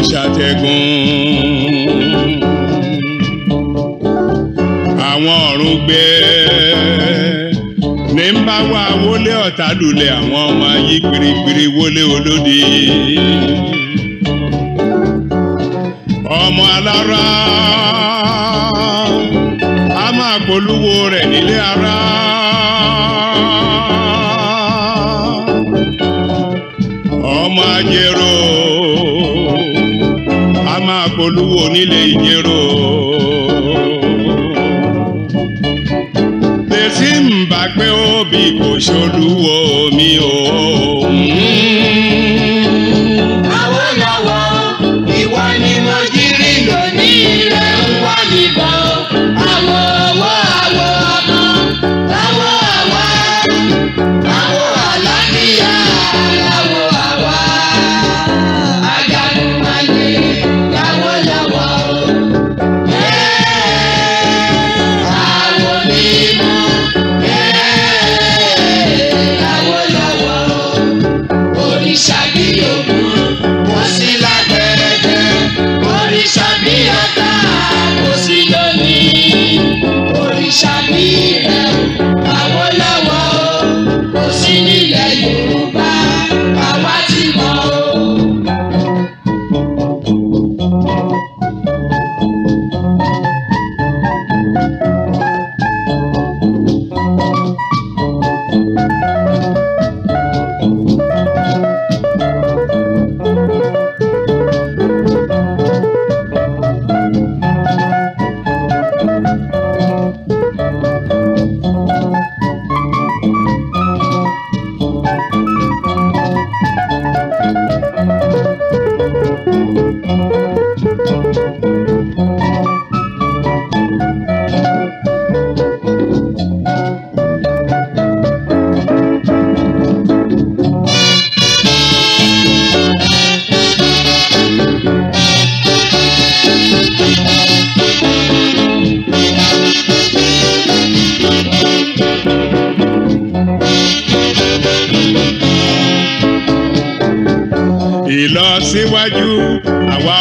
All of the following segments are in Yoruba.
ìṣàtẹ̀gùn àwọn ọ̀run gbé ní ń bá wá wọlé ọ̀tá lulẹ̀ àwọn ọmọ ayé gbirigbiri wọlé olódi ọmọ alára a máa polówó rẹ̀ nílé ara. olúwo onílé ìjẹrò. lèsì ń bá pé ó bí kò ṣolúwo.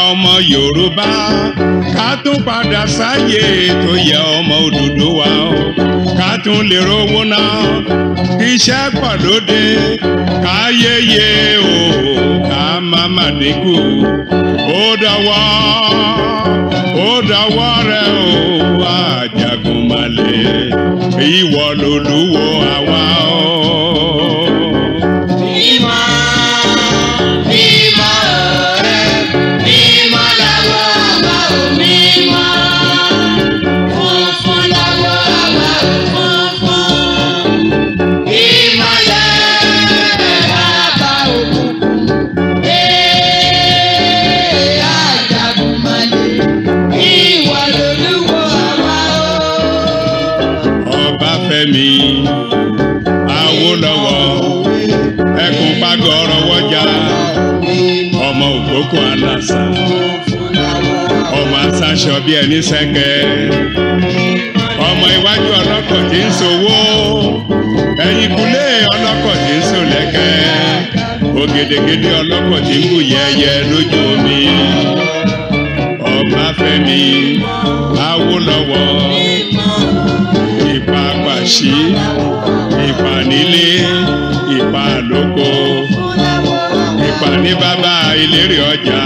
ọmọ Yorùbá ká tún padà sáyé tó yẹ ọmọ Odùduwà o ká tún lè rówó náà iṣẹ́ pọ̀ lóde ká yéye o ká má má dínkù ó dọwọ́ ó dọwọ́ rẹ o Àjàgùnmálẹ̀ ìwọ lolúwo àwa. Fẹ́mi Awólọ́wọ̀ ẹkùn pàgọrọ wọjà ọmọ òkókó alásà ọmọ asáṣọ bí ẹni sẹkẹ ọmọ iwájú ọlọ́kọ̀ tí ń sowó ẹ̀yìnkùlé ọlọ́kọ̀ ń ọlọ́kọ̀ tí ń oríṣiríṣi ìpà nílé ìpà lóko ìpà ìlérí ọjà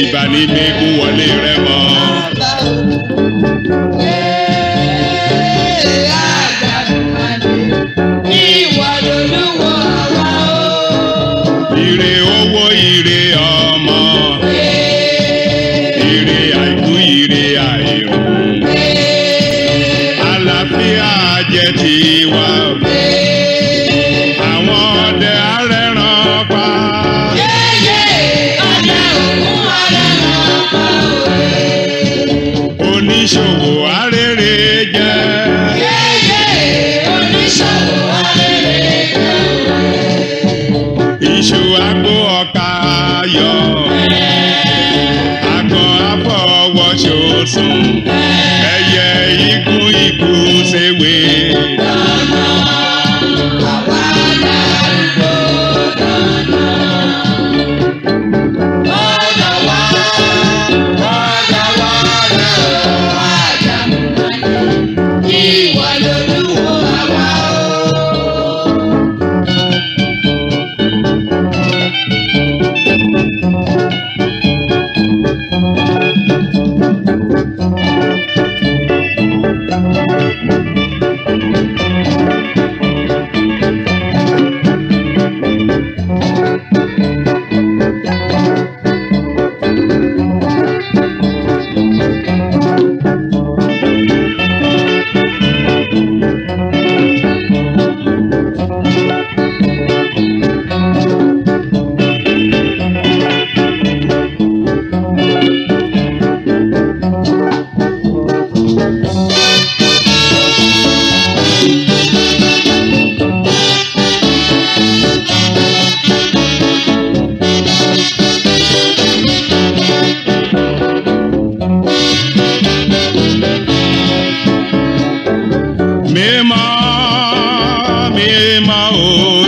ìpà ní gbígun wọlé iṣu àgbo ọ̀pá ayọ̀ àgọ́ àfọwọ́ṣọ́ sùn ẹyẹ ikú ikú ṣèwé. जाऊं